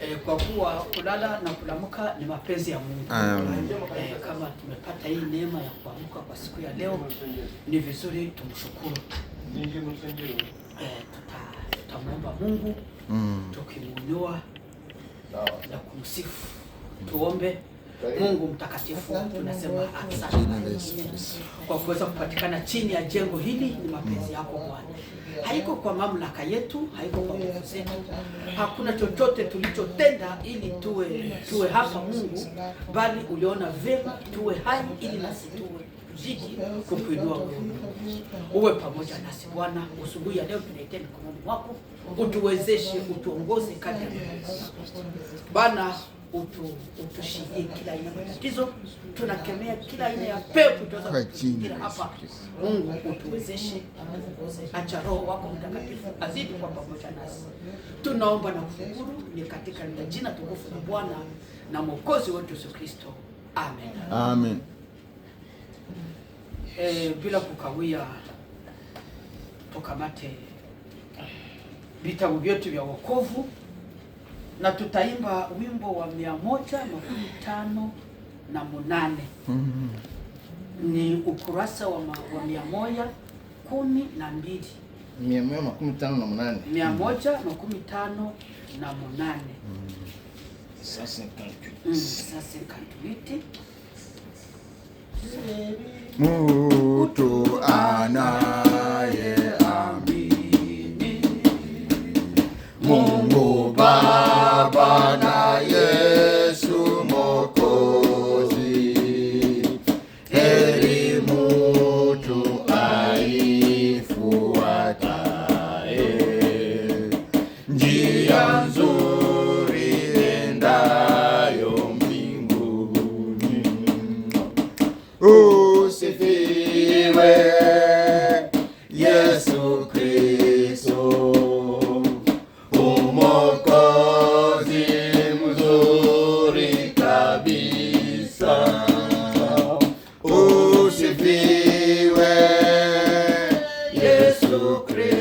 eh, kwa kuwa kulala na kulamka ni mapenzi ya Mungu. E, kama tumepata hii neema ya kuamka kwa siku ya leo ni vizuri tumshukuru. Eh, tutamwomba Mungu mm. tukimwinua na kumsifu tuombe. Mungu mtakatifu tunasema asante kwa kuweza kupatikana chini ya jengo hili. Ni mapenzi yako Bwana, haiko kwa mamlaka yetu, haiko kwa nguvu zetu, hakuna chochote tulichotenda ili tuwe tuwe hapa Mungu, bali uliona vyema tuwe hai ili nasi tuwe zidi kukuinua uwe pamoja nasi Bwana. Usubuhi ya leo tunaitia mikononi mwako, utuwezeshe, utuongoze kati ya Bwana utu kila aina ya tatizo. Tunakemea kila aina ya pepo tunaweza kuingia hapa. Mungu utuwezeshe, acha Roho wako Mtakatifu azidi kwa pamoja nasi. Tunaomba na kufunguru ni katika jina tukufu la Bwana na Mwokozi wetu Yesu Kristo, amen, amen. E, bila kukawia tukamate vitabu vyetu vya wokovu na tutaimba wimbo wa mia moja makumi tano na munane mm-hmm. Ni ukurasa wa, ma, wa mia moja kumi na mbili mia moja makumi tano na munane mia mm-hmm. moja makumi tano na munane sasa mm-hmm. kantuiti mm, mutu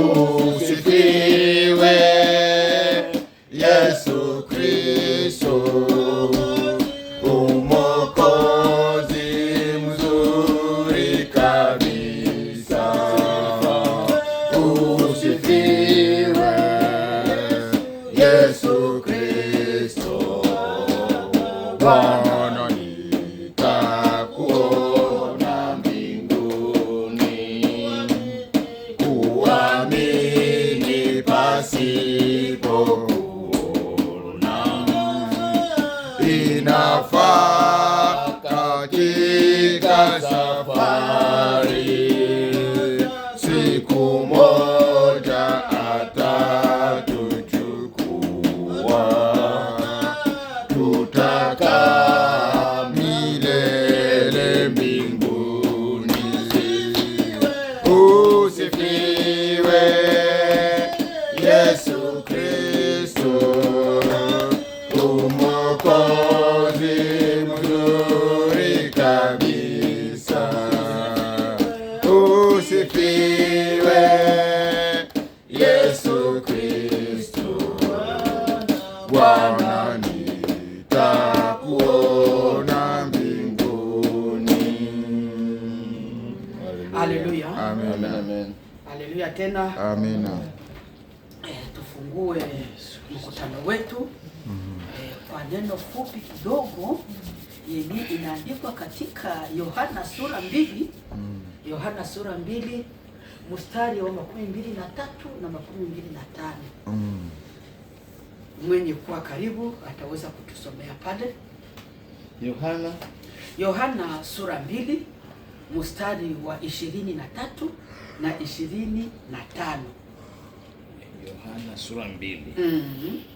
usifiwe Yesu Kristo, umokozi mzuri kabisa, usifiwe Yesu Kristo. safari, siku moja atatuchukua, tutakaa milele mbinguni. Usifiwe Yesu Kristo, Mwokozi mzuri Haleluya. Amina. Amen. Haleluya tena. Amina. Eh, tufungue mkutano wetu mm -hmm. eh, kwa neno fupi kidogo yenye inaandikwa katika Yohana sura mbili mm. Yohana sura mbili mstari wa makumi mbili na tatu na makumi mbili na tano mm. mwenye kuwa karibu ataweza kutusomea pale Yohana Yohana sura mbili mstari wa ishirini na tatu na ishirini na tano Yohana sura mbili. mm -hmm.